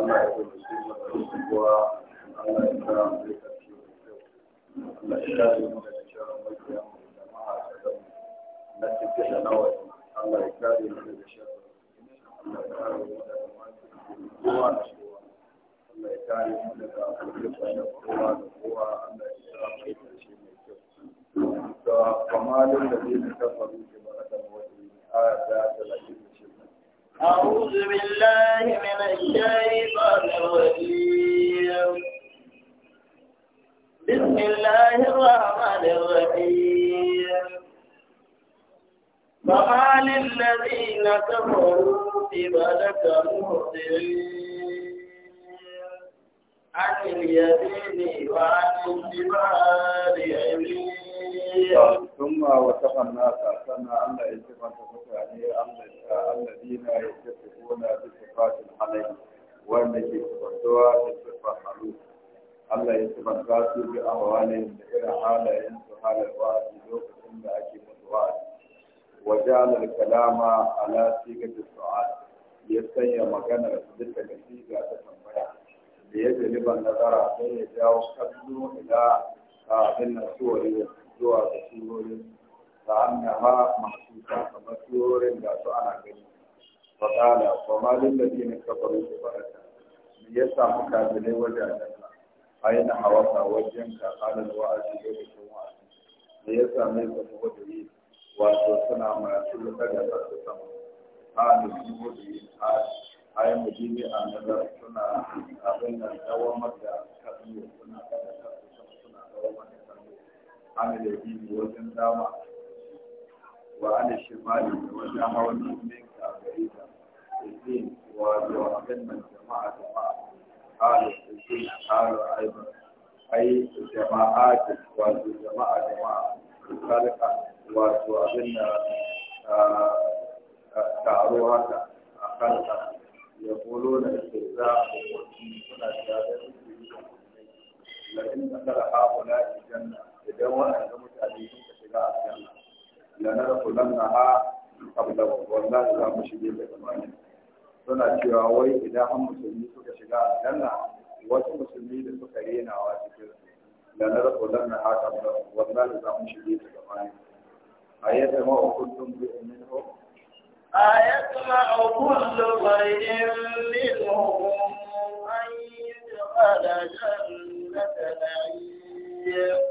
Allah ya so shi da kuwa Allah ya fara mu da shi Allah ya kare mu daga sharrin makiya mu da mahasada na cikin da nawa Allah ya kare mu daga sharrin Allah ya kare mu daga kowa da kowa Allah ya kare mu daga alƙur'ani da kowa da kowa Allah ya kare mu daga shi mai kyau da kamalin da zai tafaru ke ba da wani aya da ta lafiya أعوذ بالله من الشيطان الرجيم بسم الله الرحمن الرحيم فما للذين كفروا قبلك مهطعين عن اليمين وعن الجبال يمين ثم وثق الناس سنة الله يصفن تفتاني الذين يتصفون بصفات الحليم والتي تفتوها بصفة حلوم الله يصفن تاسو بأهوالهم إلى حالة ينسو حال الوعد لوقت إن أكيد الوعد وجعل الكلام على سيغة السؤال يسير مكان بسيطة سيغة تسمية ليجلب النظر عليه يجاوب قبله إلى أبن السوري zuwa ga surorin ta masu mahsusa kamar surorin da su ana gani fa qala wa ma lil ladina kafaru bi baraka me yasa muka bilai wajajen ka aina hawasa wajen ka qala da wa'azi lokacin wa'azi me yasa mai zama wajayi wato suna masu lura da su sama halin wajayi a ayin mujimi a nazar suna ana da yi wajen dama wa ana shimali da wajen hawan jimin ka taro a da ke idan idan waɗanda mutane suka shiga a aljanna la nadkhulanna ha qabla wallahi za mu shige da zamani suna cewa wai idan an musulmi suka shiga aljanna wasu musulmi da suka renawa cikin su la nadkhulanna ha qabla wallahi za mu shige da zamani ayatama kuntum bi'minhu أيسمع كل غير منهم أن يدخل جنة نعيم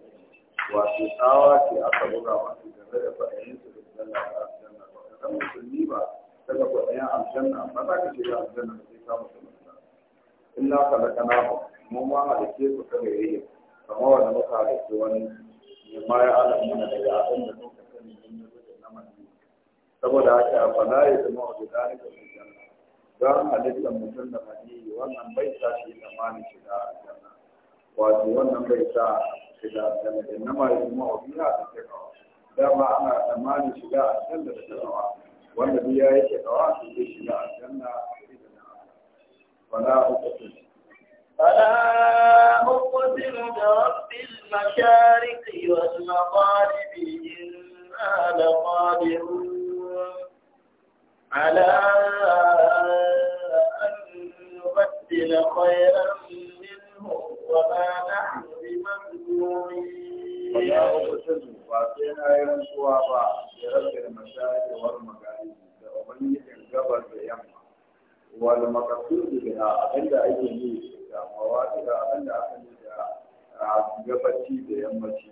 wato tsawa ce aka buga masu game da kwaɗayin su da zanna da aljanna ba ka san musulmi ba daga kwaɗayin aljanna ba za ka shiga aljanna ba sai ka musulunta illa ka da kana mu ma halice su ka gaire kamar wanda muka halice wani ne ma ya alamu na daga abin da suka sani don ya zuke na mani saboda haka fa la ya zama wa bidani da aljanna don halittar mutum da mani wannan bai sa shi tsammanin shiga aljanna wato wannan bai sa shiga aljanna innama yajma'u biha at-taqwa dama ana tsammanin shiga aljanna da taqwa wanda duk ya yi taqwa to zai shiga aljanna wala uqsim فلا أقسم برب المشارق والمغارب إنا لقادرون على أن نبدل خيرا منهم وما نحن wala uqsimu ba sai na yi rantsuwa ba da rabbil mashariqi wal magharibi da ubangijin gabar da yamma wal maqsud biha abinda ake yi da mawadi da abinda aka yi da gabaci da yammaci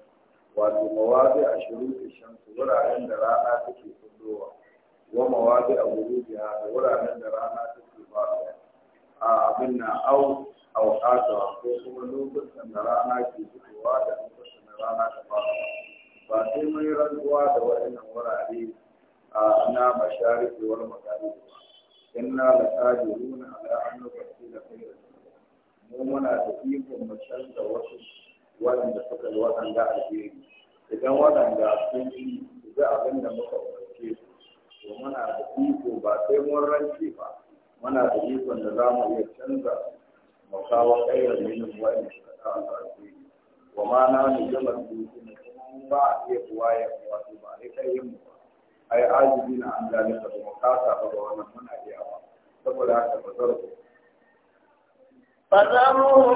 wato mawadi a shuruti shamsu wuraren da rana take fitowa wa mawadi a gurubiya da wuraren da rana take faɗuwa a abin na au A auƙata ko kuma lokutan da rana ke fitowa da lokutan da rana ta fara ba sai mun yi rantsuwa da waɗannan wurare a na mashariki wal magaribi ba inna la qadiruna ala da nufassila khayran mu muna da ikon mu canza wasu waɗanda suka yi waɗanda alheri idan waɗanda sun yi ga abin da muka umarce su to muna da iko ba sai mun rance ba muna da ikon da za mu iya canza su وكاوى خيرا منهم وإن وما نحن بمسلمين ba a iya kuwa ya wato ba a kai yin ba ai ajibi na an zalika mu kasa wannan muna iyawa فذرهم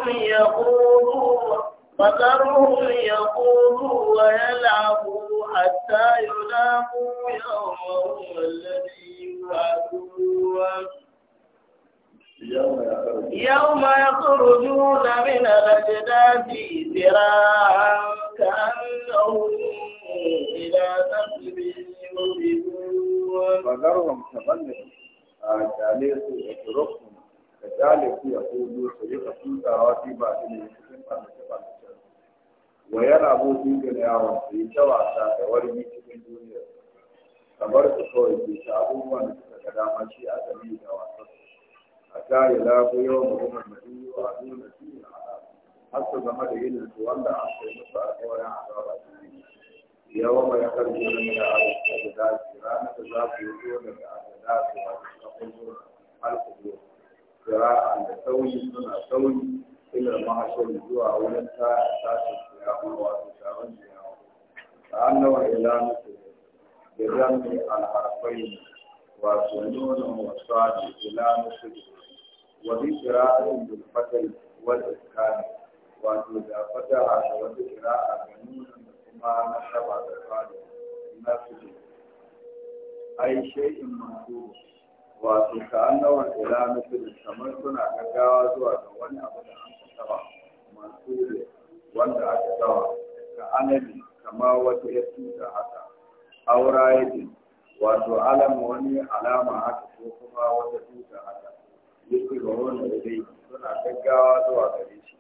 يقولوا فذرهم يقولوا ويلعبوا حتى يلاقوا يومهم الذي يوعدون يوم يخرجون من الأجداث سراعا كأنهم إلى نصب يوبقون فذرهم تبلغ جالس يتركهم كذلك يقول سيدة سوزاوات بعد اليوم ويلعبوا في دنياهم في جواسا ورمي في الدنيا kamar su kawai ke ta abubuwan da suka ga dama shi a gami da wasan حتى يلاقوا يومهم المدين وعدون فيه العذاب حتى زمد إلى تولى حتى يمسى أدوار عذاب يوم يخرجون من الأجداد كرامة ذات يدون من الأجداد ويستقبلون جراء قراءة لسوي سنة سوي إلى المعشر الجوع ولنسى أساس القيامة وأساس كأنه إعلان بجمع الحرفين وسنون وصاد إلى مسجد wa bi qira'atin bil fatal wal iskan wato da fata a wata qira'a ga nuna da kuma na shaba da fadi na su ne ai shay'in mansub wato ka annawar ila kamar suna gaggawa zuwa ga wani abu da an saba wanda aka kama haka aura yake wato alam wani alama haka ko kuma wata haka yusra'una ilayhi suna gaggawa zuwa gare shi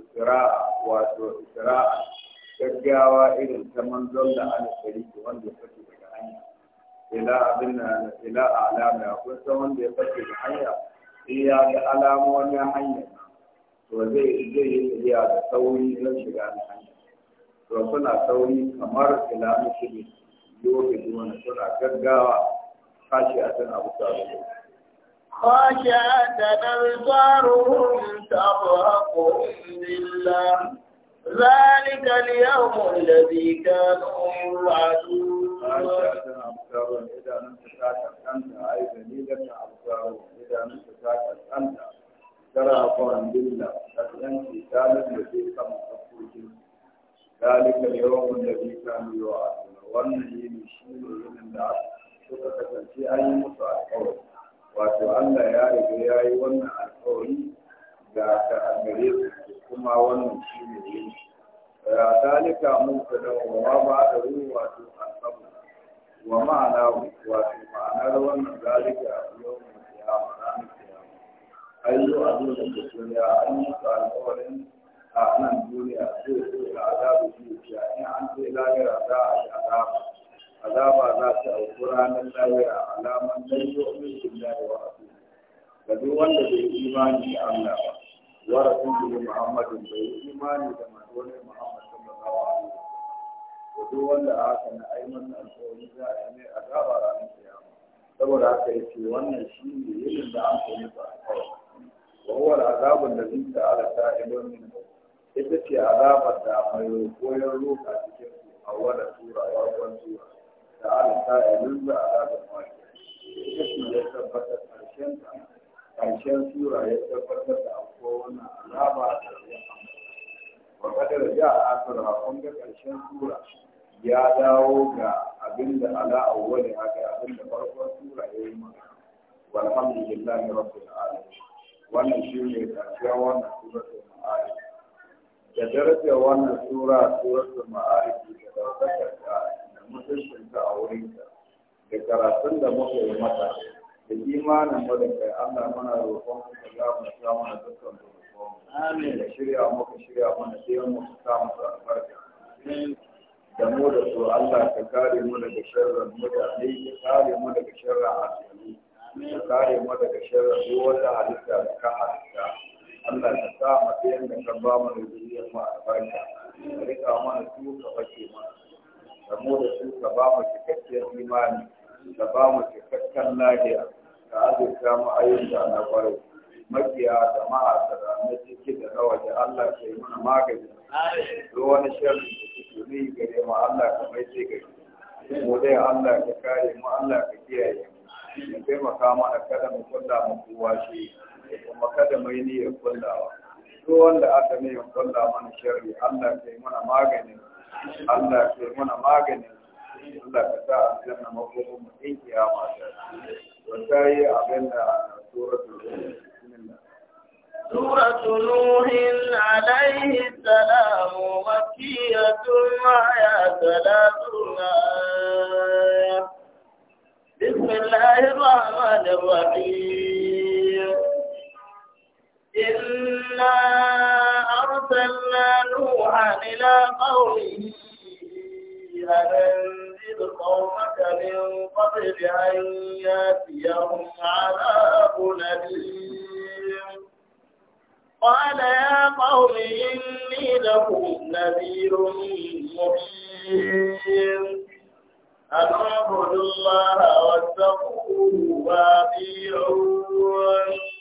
isra'a wato isra'a gaggawa irin ta manzon da an sariki wanda ya fito daga hanya ila abin na ila alama kun san wanda ya fito daga hanya sai ya ga alamomin hanya to zai zai yi tafiya da sauri don shiga na hanya to suna sauri kamar ila mutum yobe wani suna gaggawa kashi a tana bukatar خاشعة أبصارهم ترهقهم ذلة ذلك اليوم الذي كانوا يوعدون خاشعة أبصارهم إذا لم تتاكد أنت أي دليلة أبصارهم إذا لم تتاكد أنت ترهقهم ذلة فتنسي ثالث الذي كان مفقودين ذلك اليوم الذي كانوا يوعدون وأن يمشون من العصر suka kasance an yi musu alƙawari wato Allah ya riga ya yi wannan alƙawari ga ta gare su kuma wannan shi ne yin ya dalika mun kada wa ba da ruwa wato alƙabu wa ma'ana wato ma'anar wannan dalika yau mu kiyama ranar kiyama ayyu abin da ke duniya an yi su a nan duniya zai so da azabu ya in an ce lafiya za a yi azabu Alama za ta auku ranar a alaman dan yomin billahi wa rasul ga duk wanda bai yi imani da Allah ba wa rasulullahi Muhammadin bai yi imani da muhammadin da za a alaihi wasallam duk wanda aka na aiman alƙawari za a yi mai azaba ranar yamma saboda haka ce wannan shi ne yin da an koyi ba wa huwa azabun da zai ta ala ta'ibun min ita ce azabar da mai koyar roka cikin a wadda tura farkon tura تعالى قائل على الرحمن اسم يثبت الحرشين الحرشين سورة يثبت الأقوان علامة وقد رجع آخرها قمت الحرشين سورة ya dawo ga abin da ala awwali haka abin da farkon sura ya yi maka walhamdulillahi rabbil alamin wannan shi ne karshen wannan suratul ma'arij da darajar wannan sura suratul ma'arij da daukakar ta mutuncinta a wurinka da karatun da muka yi mata da imanin da kai Allah mana roƙon ka za mu samu mana dukkan roƙon amin da shirya muka shirya mana sai mu samu albarka da mu da su Allah ka kare mu daga sharrin mutane ka kare mu daga sharrin asali ka kare mu daga sharrin duk wata halitta da ka halitta Allah ka sa mu da ka ba mu da zuriyar mu albarka ka rika mana su ka bace mana mu da su ka ba mu cikakken imani ka ba mu cikakken lahiya ka azurta mu ayyuka na kwarai makiya da ma'asara na ciki da na waje Allah ka mana magani duk wani sharri da suke ne gare mu Allah ka mai sai gari. mu dai Allah ka kare mu Allah ka kiyaye mu ka taimaka mana kada mu kulla mu kowa shi kuma kada mai yi niyyar kullawa duk wanda aka ne ya kulla mana sharri Allah ka mana magani Allah ke mana maganin Allah ka sa aljanna makomin mu din kiyama ta wata yi abin da suratul سورة نوح عليه السلام مكية وهي ثلاثون آية بسم الله الرحمن الرحيم إِنَّا أرسلنا نوحا إلى قومه أنذر قومك من قبل أن يأتيهم عذاب أليم قال يا قوم إني لكم نذير مبين أن اعبدوا الله واتقوه وأطيعون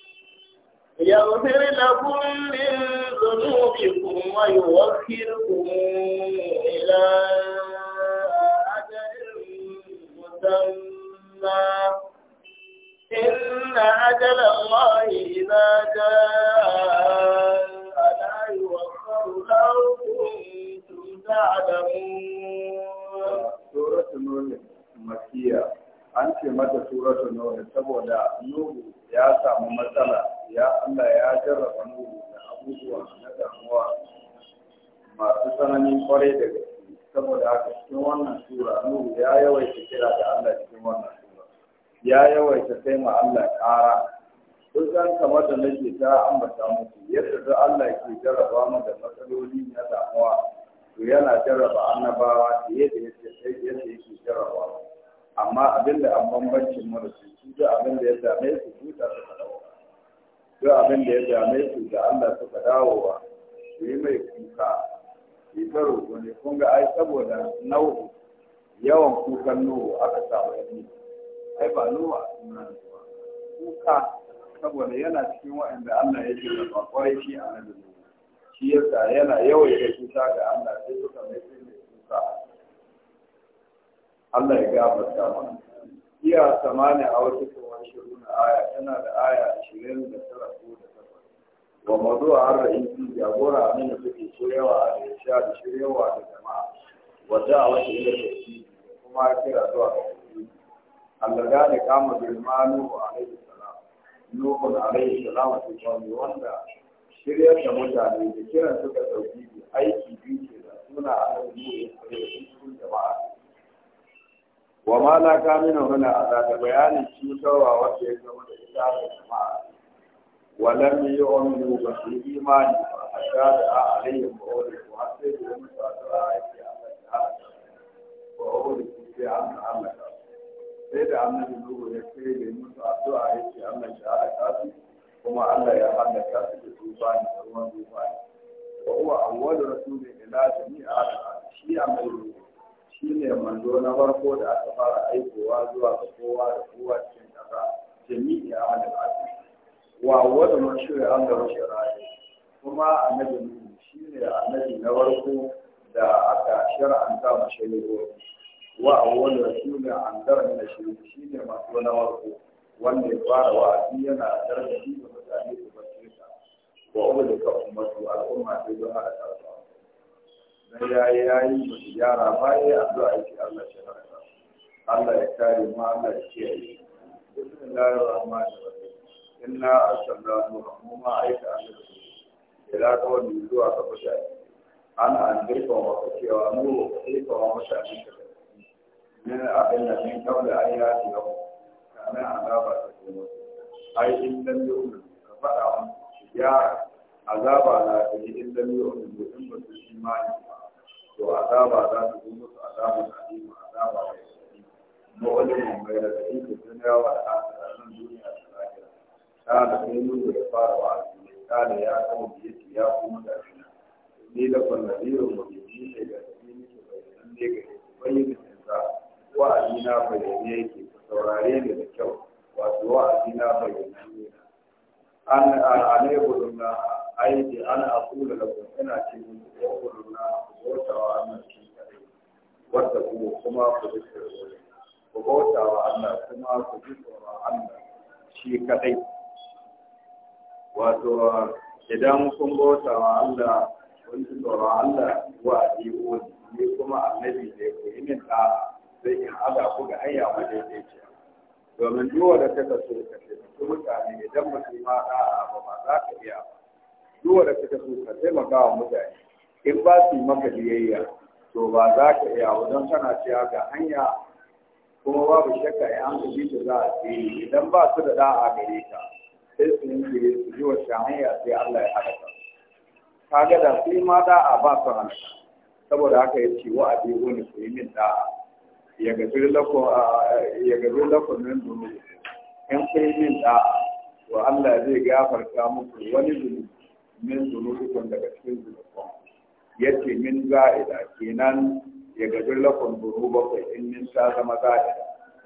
يغفر لكم من ذنوبكم ويوخركم إلى أجل مسمى إن أجل الله إذا جاء لا يوخر لو كنتم تعلمون سورة نوح مكية أنت متى سورة نوح تبغى نوح يا سامو مثلا ya Allah ya jarraba mu da abubuwa na damuwa masu tsananin kwarai da gaske saboda haka cikin wannan sura nuhu ya yawaita kira da Allah cikin wannan sura ya yawaita sai ma Allah ƙara Sun san kamar da nake ta ambata muku yadda da Allah ke jarraba mu da matsaloli na damuwa to yana jarraba annabawa fiye da yadda sai yadda yake jarraba amma abin da an bambancin mu da su duk abin da ya same su duka da kalawa duk abin da ya dame su da Allah suka dawowa su yi mai kuka su ta roƙo ne kun ga ai saboda nau'u yawan kukan nuhu aka samu yanni ai ba nuhu a sunan kuka saboda yana cikin waɗanda Allah ya ce da ba kwarai shi a nan shi sa yana yawaita kuka ga Allah sai suka mai kuka Allah ya gafarta mana iya samani a wasu kuma shirin aya tana da aya ashirin da tara ko da takwas wa mazu a har ra'isi jagora a nuna suke shiryawa a sha da shiryawa da jama'a Wata a wata ila da kuma kira zuwa ga kuɗi allaga ne kama birmanu a alaihi salam nufin alaihi salam a cikin wanda shiryar da mutane da kiran suka ɗauki aiki biyu ke da suna a nan nuna da jama'a wa ma la kamina huna a da bayanin cutarwa wanda ya zama da ita da jama'a lam yu'minu ba su imani ba hatta a alayhim wa wani ko har sai da musu a tsara ake Allah ta halaka ba wani ko sai ta. sai da annabi nuhu ya kai da musu a tsara ake Allah ta halaka su kuma Allah ya halaka su da tufani da ruwan tufani wa huwa awwalu rasulin ila jami'a shi amma nuhu shi ne manzo na farko da aka fara aikowa zuwa ga kowa da kowa cikin ƙasa jami'a a da ƙasa wa wanda mun shirya an gaba shari'a kuma annabi nuhu shi ne annabi na farko da aka shar'anta mu shari'a wa awwal rasul an dara min shari'a shi ne manzo na farko wanda ya fara wa'azi yana tarbiyya da mutane su bace ta wa ubul ka su al'umma da zuwa da na yayi yayi ba su gyara ba ya addu'a yake Allah shi raka Allah ya kare mu Allah ya da da kiyaye bismillahir rahmanir rahim inna arsalna muhammad aika annabi ila kawai zuwa ga mutane ana an girka maka cewa mu girka wa mutane ka min abin da min kawai an yi hasi yau kamin azaba ta ce musu ai in lam yu'min ka faɗa musu ya azaba na ta yi in lam yu'min in ba su imani ba to azaba za ta zo musu azaba da alimu azaba mai sauki mu'alimin mai da kai da duniya wa al'adara nan duniya ta lahira ta da kai nuna ya fara wa alimu ta da ya kawo da yake ya kuma da shi ni da kwalladirin mu ne ga shi ne ke bayanan ne ga yake bayyana yanzu wa'azina bayyane yake ku saurare ni da kyau wato wa'azina bayyana ne na an alaibu dunna Aiki ana aqulu da ina cikin muku na bauta wa Allah cikin kadai wadda kuma kuma ku bi tsoro ku bauta wa Allah kuma ku bi tsoro Allah shi kadai wato idan kun bauta wa Allah kun ji tsoron Allah wa wani ne kuma annabi ne ku yi min ta sai in haɗa ku ga hanya madaidaiciya domin duwa da ta kashe ka su mutane idan mutum ma da'a ba ma za ka iya ba duwa da kake so ka taimaka wa mutane in ba su maka biyayya to ba za ka iya wajen tana cewa ga hanya kuma babu shakka ya an kaji ta za a tsere idan ba su da da'a gare ka sai su yanke su ji wacce hanya sai Allah ya haɗa ka ka ga da su ma da'a ba su hana saboda haka ya ce wa a biyu wani su yi min da'a ya gaji lakon nan domin in kai min da'a to Allah zai gafarta muku wani zunubi min zunubikun daga cikin zunubikun yace min za'ida kenan ya gaji lakon zunubakai in min ta zama za'ida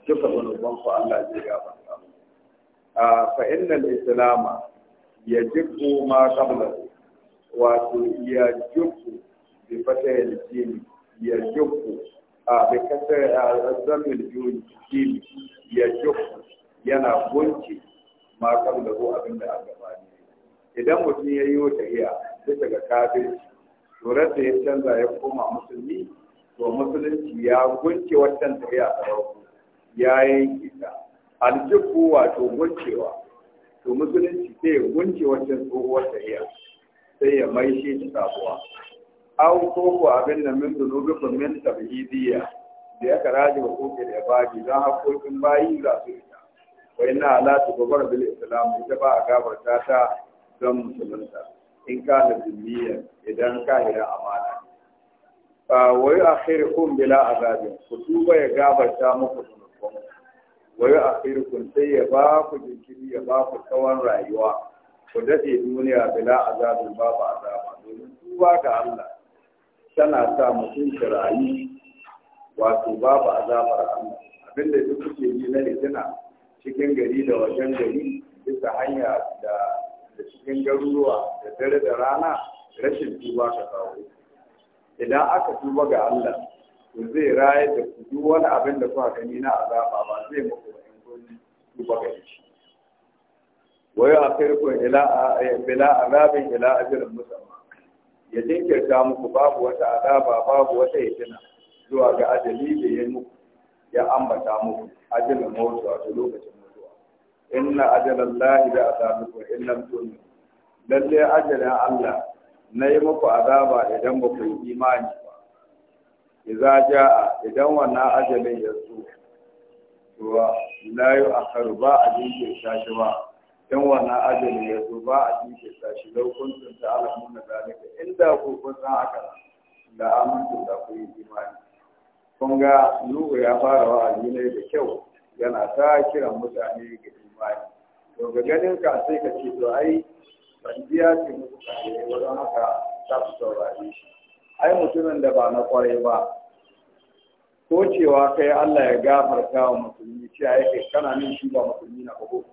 duka zunuban ku Allah zai gafarta a fa innal islama yajibu ma qabla wato ya jibbu bi fatayil jini jibbu. a bi kasar azamil jini yajibu yana gunci ma qabla abinda a gabani idan mutum ya yi wa tahiya sai daga kafin, turar da ya canza ya koma musulmi to musulunci ya gunce wancan tahiya a farko ya yanke ta aljihu wato guncewa to musulunci sai ya gunce wancan tsohuwar tahiya sai ya maishe ta sabuwa au ko ko abin da min dunubikum min tabhidiyya da ya karaje wa koke da baji dan hakokin bayi za su ta wa inna la tughbar bil islam ita ba a ta ta don musulunta in ka da zumiyya idan ka hira amana a yi kun bila azabin ku tuba ya gabata muku zunubanku a yi kun sai ya ba ku jinkiri ya ba ku tsawon rayuwa ku daɗe duniya bila azabin a zaba. domin tuba ga Allah tana sa mutum shi rayu wato babu azabar Allah abinda duk kuke yi na litina cikin gari da wajen gari bisa hanya da da cikin garuruwa da dare da rana rashin duba ka kawo idan aka duba ga Allah to zai raye da ku duk wani abin da kuka gani na azaba ba zai muku wani in duba ga shi wa ya akirku ila bila azabin ila ajrin musamma ya jinkirta muku babu wata azaba babu wata yatina zuwa ga ajali da ya muku ya ambata muku ajalin mutuwa a lokacin inna ajalan lahi da azabukum in lam tu'minu lalle ajalin Allah na yi muku azaba idan ba ku imani ba idza jaa idan wannan ajalin ya zo to la yu'akhkharu ba a jinke shi ba in wannan ajalin ya zo ba a jinkirta shi lokuntun ta alamu na zalika inda ku kun san haka da amintu da ku yi imani kun ga nuhu ya fara wa'azi ne da kyau yana ta kiran mutane ga imani to ga ganin ka sai ka ce to ai ban biya ce muku kare wajen haka za su saurari ai mutumin da ba na kwarai ba ko cewa kai Allah ya gafarta wa musulmi ce ai kai kana nin shi ba musulmi na bago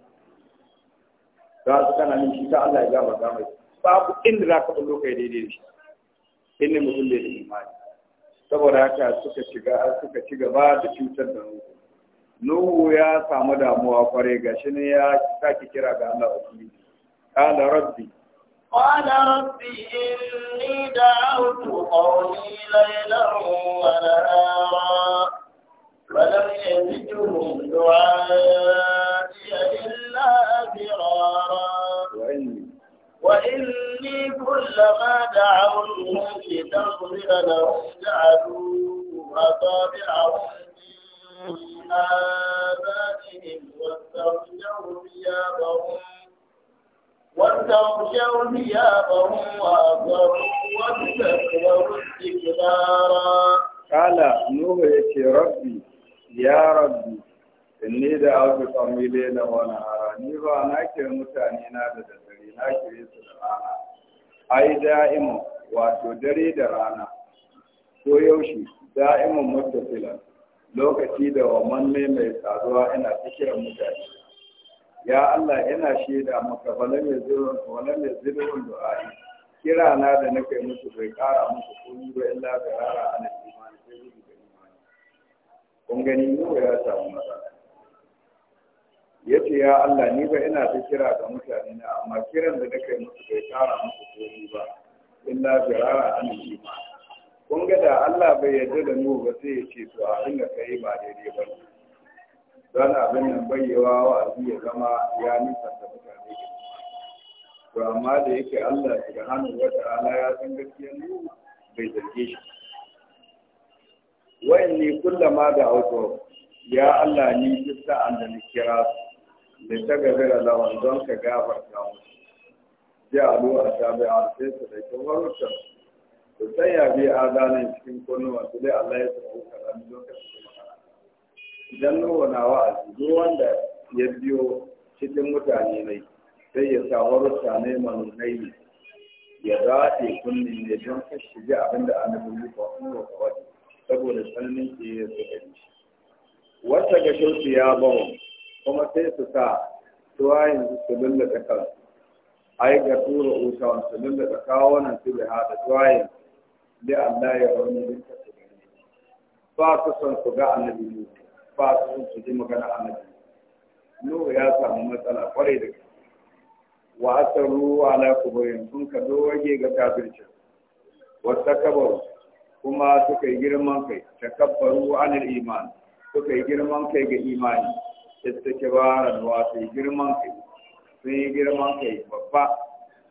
za su kana nin shi ta Allah ya gafarta mai babu inda za ka bullo kai daidai shi inda mutum bai da imani saboda haka suka ci gaba da cutar da mu Nuhu ya samu damuwa kware ga shi ne ya sake kira ga Allah Ubangiji. Kala Rabbi. Kala Rabbi ni da inni da'awtu qawmi laylan wa nahara wa lam yazidhum du'a'i illa firara. وإني كلما دعوتهم لتغفر لهم جعلوا أصابعهم في آذانهم واستغشوا ثيابهم واستغشوا ثيابهم واستكبروا استكبارا قال نوح يا ربي يا ربي inni da abu tsami lela wani hara ni ba na kira mutane na da daddare na kire da rana ai da'imu wato dare da rana ko yaushe mutafilan lokaci da wamanne mai saduwa ina ta kiran mutane ya Allah ina shaida maka wani mai zirin wala mai zirin du'a kira na da nake musu bai kara musu komai ba illa da rara ana imani sai gudu da imani kun gani mu ya samu matsala yace ya Allah ni ba ina ta kira ga mutane na amma kiran da nake musu bai kara musu komai ba illa da rara ana imani kun ga da Allah bai yarda da mu ba sai ya ce to a da kai ba daidai ba don abin nan bayyawa azu ya zama ya nisa da mutane to amma da yake Allah wata wata'ala ya san gaskiya mu bai zarge shi wa'anni kullama da auto ya Allah ni duk sa'an da ni kira su da ta gabira lawan don ka gafarta musu alu a a sai su da kyau Sai ya bi azanin cikin kunnuwa su dai Allah ya tsaya kalam lokacin da idan nawa na wa'azi duk wanda ya biyo cikin mutane ne sai ya sa warusa ne manunai ya daɗe kunni ne don kashi ji abin da annabin yi ba kuma saboda tsananin ke ya su gani wata ga shauki ya bawa kuma sai su sa tuwayin su lullata kansu ai ga tura usawan su lullata kawunan su da haɗa tuwayin su da Allah ya wani rinka su gani ba su son su ga annabi ne ba su son su ji magana annabi Nuhu ya samu matsala kwarai da gaske wa asaru ala kubarin sun ka waje ga kafircin wata kabaru kuma suka yi girman kai takabbaru anil iman suka yi girman kai ga imani istikibaran yi girman kai sun yi girman kai babba a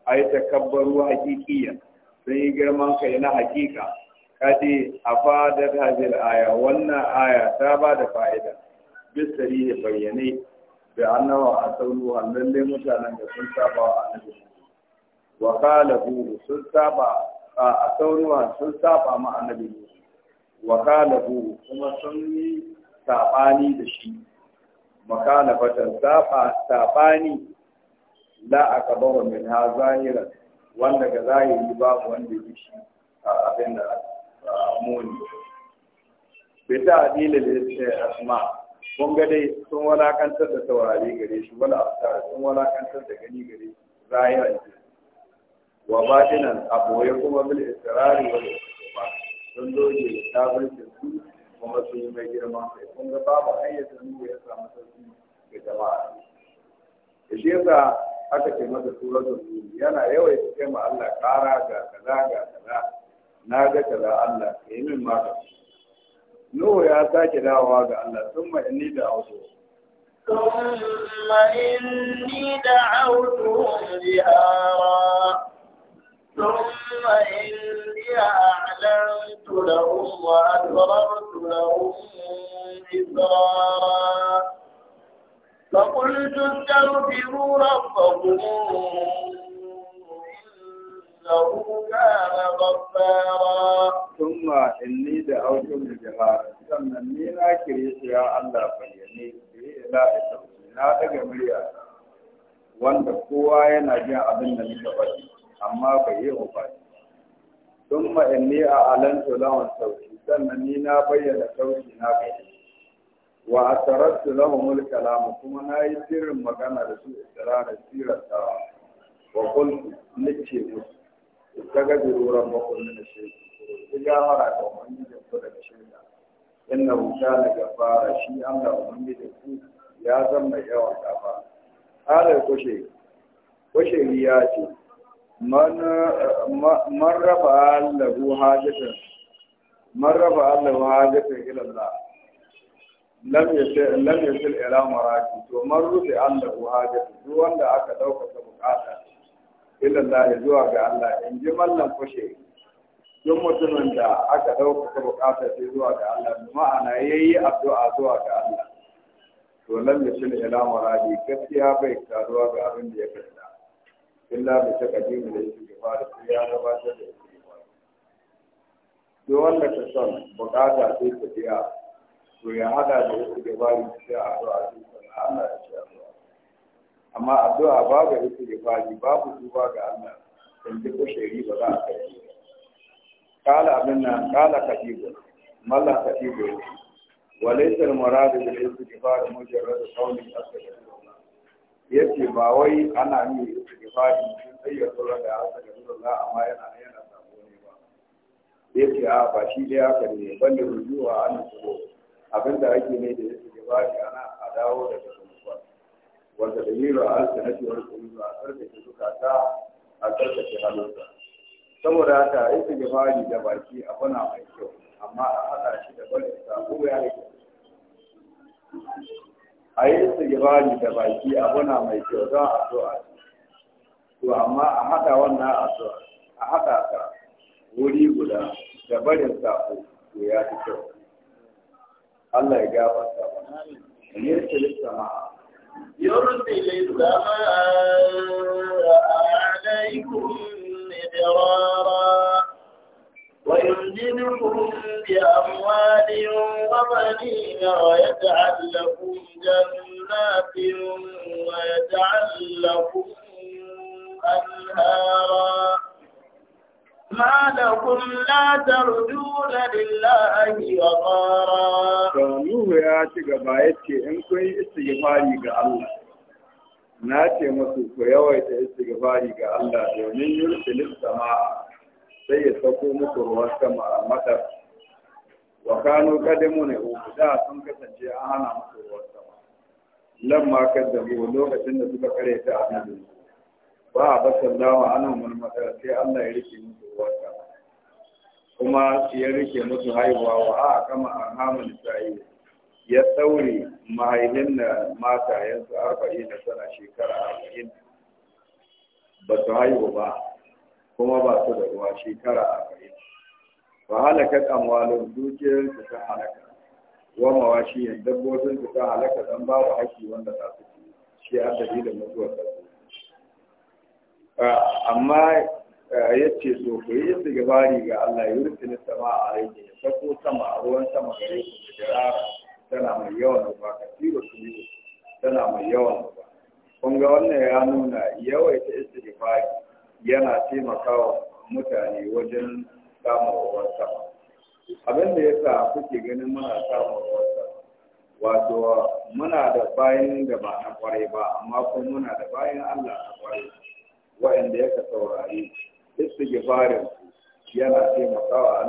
ai takabbaru hakikiyan sun yi girman kai na hakika kadi a fadar hajjil aya wannan aya ta ba da fa'ida bisari ya bayyane da annawa a sauru lalle mutanen da sun saba wa annabi wa kala buru sun saba a sauruwa sun saba ma annabi wa kala buru kuma sun yi sabani da shi makalafatan saba sabani la akabahu min ha zahiran wanda ga zahiri babu wanda ya shi a abin da muni bai ta adila da asma kun ga dai sun walakantar da taurari gare shi wala aftar sun walakantar da gani gare shi zahiran ke wa batinan a boye kuma bil israri wa ba sun doge da tabbatin su kuma sun yi mai girma sai kun ga babu ayyukan da ya samu sauki ga jama'a da shi yasa aka ce masa suratul rum yana yawai ce ma Allah kara ga kaza ga kaza na ga kaza Allah ka yi min maka Nuhu ya sake dawowa ga Allah sun ma inni da auto ثم إني دعوتهم جهارا ثم إني أعلنت لهم وأسررت لهم إسرارا فقلت استغفروا ربكم إنه كان غفارا ثم إني ثم يا الله na wanda kowa yana jin abin da nika faɗi amma bai yi amfani don ni a alantu lawan sauki sannan ni na bayyana sauki na gani wa asaratu lahumul kalam kuma nayi sirrin magana da su israr sirata wa qul nace musu daga zururan bakon na shirki ku gafara ga ubangijin ku shi da inna wuta na gafara shi Allah da ku ya zama yawa yawan gafara alal kushe kushe ya ce man rafa allahu hajatan man rafa allahu hajatan ila Allah lam yasil lam yasil ila marati to man rufi allahu hajatu duk wanda aka dauka ta bukata illa Allah zuwa ga Allah in ji mallan kushe duk mutumin da aka dauka ta bukata sai zuwa ga Allah ma'ana yayi addu'a zuwa ga Allah to lam yasil ila marati gaskiya bai karuwa ga abin da ya kalla illa bi takadimu da yake fara sai ya gabatar da shi duk wanda ka son bukata sai ka biya to ya hada da wasu gabari sai a addu'a su sana Allah ya ci addu'a amma addu'a babu wasu gabari babu duba ga Allah in ji kushiri ba za a kai kala abin nan kala katibu malla katibu وليس المراد بالاستغفار مجرد قول استغفر yace ba wai ana yi istighfari mutum sai ya tsora da hasa da a amma yana yana sabo ne ba yace a ba shi da haka ne balle rujuwa an tsoro abin da ake ne da yake shi ana a dawo daga kuma wanda da yi ra'ar da nake wani kuma a suka ta, a tsarkake halitta saboda haka yake shi da baki abu na mai kyau amma a haɗa shi da barin sako ya rike a yi shi da baki na mai kyau a addu'a to amma a haɗa wannan zo a haɗa ta wuri guda da barin sako to ya fi kyau الله يجاب يرسل السماء عليكم مدرارا ويمددكم بأموال وبنين ويجعل لكم جنات ويجعل لكم أنهارا ما لا ترجون لله وقارا فنوه يا شغبا يتي إن كن استغفاري ga Allah na ce musu ku yawaita istighfari ga Allah domin yursilin sama sai ya sako muku ruwan sama a madar wa kadimu ne uku da sun kasance an hana muku ruwan sama lamma kaddabu lokacin da suka kare ta ba a basar dawa ana mulmata sai Allah ya rike musu wata kuma ya rike musu haihuwa wa a kama a hamun sa'i ya tsauri mahaifin da mata yansu arba'i da sana shekara arba'in ba su haihu ba kuma ba su da ruwa shekara arba'in ba halaka kamwalin dukiyar su ta halaka wa mawashi dabbobin su ta halaka dan babu haƙƙi wanda za su ci shi a dalilin mutuwar su Eh, amma eh, ya ce so ku yi gabari ga Allah ya rufe na sama a rage ya sako sama a ruwan sama da ya da jira tana mai yawan ruwa da su yi tana mai yawan ruwa Kunga wannan ya nuna yawaita fari yana taimakawa mutane wajen samun ruwan sama abin da sa kuke ganin muna samun ruwan sama wato muna da bayan da ba na kwarai ba amma kuma muna da bayan Allah na kwarai وإن ya ka استجبار istighfarin yana taimakawa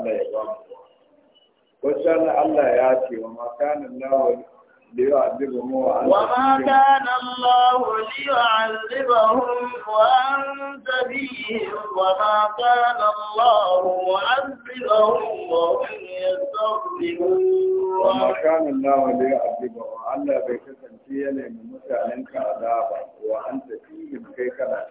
Allah ya ba mu wajen Allah ya ce wa makanin وما كان الله ليعذبهم وأنت فيهم وما كان الله معذبهم وهم يستغفرون وما كان الله ليعذبهم ألا بيتسن فينا من متعنك عذابا وأنت فيهم كيف لا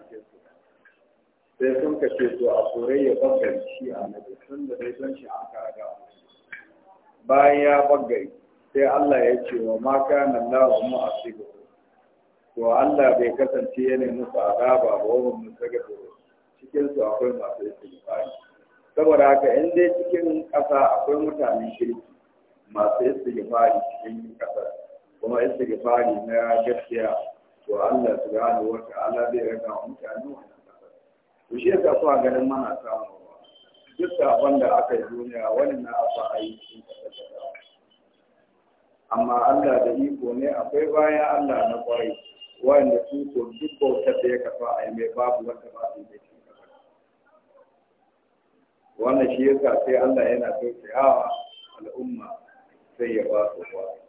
sai sun ka ce to a sorai ya bagari shi a nabi tun da zai don shi an ka bayan ya bagari sai Allah ya ce wa ma na Allah mu asibu to Allah bai kasance yana musu azaba ba wa mun saka to cikin su akwai masu istighfari saboda haka in dai cikin ƙasa akwai mutanen shirki masu istighfari cikin ƙasa kuma istighfari na gaskiya to Allah subhanahu wata ala zai raka mutane wannan to shi yasa kuwa ganin mana samu duk sabon da aka yi duniya wani na afa a yi cikin amma Allah da iko ne akwai baya Allah na kwarai wanda su ko duk bautar da ya kafa a yi mai babu wanda ba su yi cikin wannan shi yasa sai Allah yana tausayawa al'umma sai ya ba su kwarai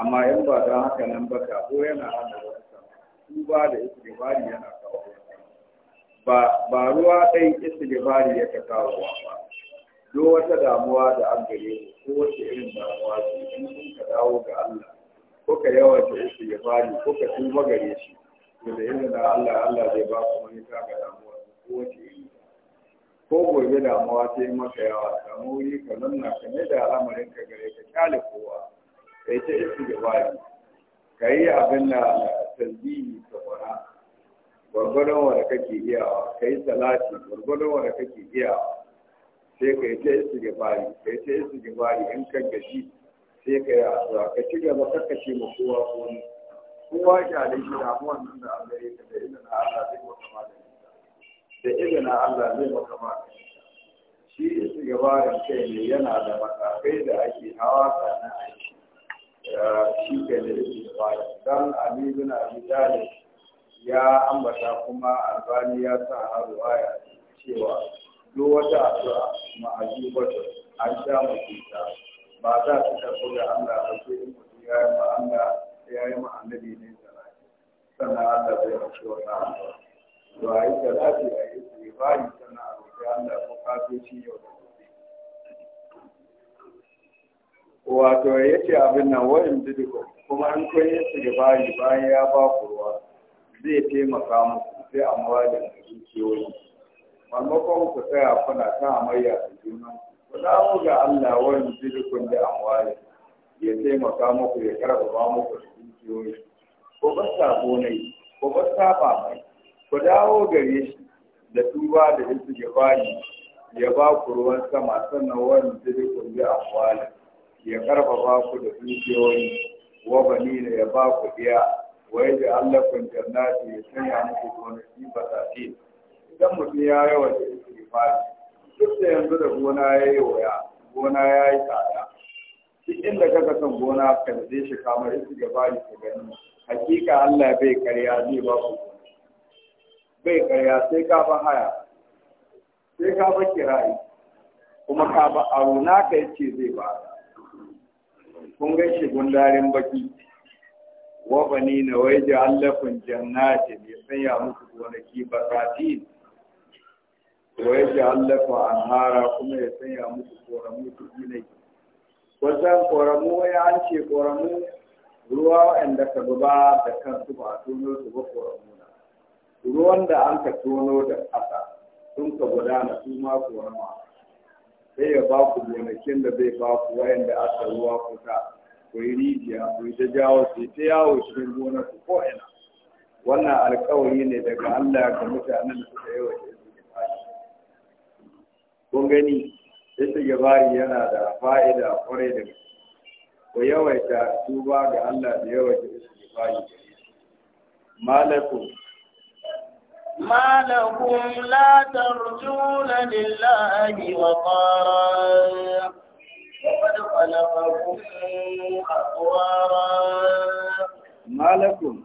amma in ba don haka nan ba ka ko yana hana wata ba da bari yana kawo ba ba ruwa ɗai bari ya ta kawo ba duk wata damuwa da an gare ku ko wata irin damuwa ce in kun ka dawo ga Allah ko ka kuka bari ko ka tuba gare shi to da da Allah Allah zai ba ku ta ga damuwa ko wata irin ko gobe damuwa ta yi maka yawa samu wuri ka nan ka ne da al'amarin ka gare ka kyale kowa kai ta istighfari kai abin da tasbihi ka fara gwargwadon da kake wa ka yi salati gwargwadon da kake wa sai ka yi ta istighfari ka yi ta istighfari in ka gaji sai ka yi asuwa ka ci gaba kakkace ma kowa ko ni. kowa ya da shi damuwan nan da an gare ka da na Allah zai maka magani da na Allah zai maka magani shi istighfarin kai ne yana da matakai da ake hawa sannan a yi shi kai ne istighfarin don abin bin abin Talib ya ambata kuma albani ya sa a ruwaya cewa duk wata addu'a wata, an sha mutunta ba za ta tafi da Allah ba sai in mutum ya yi ma Allah ya yi ma annabi ne salati sannan Allah zai rashi wa ta'ala to a yi lafiya a yi tsibari sannan a roƙi Allah ko kafin yau da gobe wato ya ce abin nan wa'in didigo kuma an koyi tsibari bayan ya ba ku ruwa zai taimaka muku sai a da da dukiyoyi maimakon ku tsaya kuna ta amayya a juna ku dawo ga Allah wani zirikun da amwali ya taimaka muku ya karfafa muku da dukiyoyi ku bar sabo ne ku bar saba mai ku dawo gare shi da tuba da yasu gabani ya ba ku ruwan sama sannan wani zirikun da amwali ya karfafa ku da dukiyoyi wa banina ya ba ku iya wai da Allah kun jannati ya sanya muku kwanaki ce idan mutum ya yi wa da istighfari duk da yanzu da gona ya yi waya gona ya yi tsada duk inda kaka son gona ka je shi kamar istighfari ka gani hakika Allah bai karya zai ba ku bai karya sai ka ba haya sai ka ba kirayi kuma ka ba auna ka yace zai ba kun ga shi gundarin baki wabani na waje allafin jannatin ya yasaya muku gonaki bakatin waje yaj'al an hara kuma ya sanya muku koramu ku gine wajen koramu ya an ce koramu ruwa inda ka gaba da kansu ba a tono su ba koramu na ruwan da an ka tono da ƙasa sun ka gudana su ma koramu sai ya ba ku gonakin da zai ba ku da aka ruwa kusa Akwai rijiya akwai ta jawo su ta yawo cikin gonar ku ko wannan alkawari ne daga Allah ga mutanen da suka yi wa kun gani istighfari yana da fa'ida kwarai da gaske ku yawaita tuba ga Allah da yawaita istighfari malakum ما لكم لا ترجون لله وقارا وقد خلقكم أطوارا ما لكم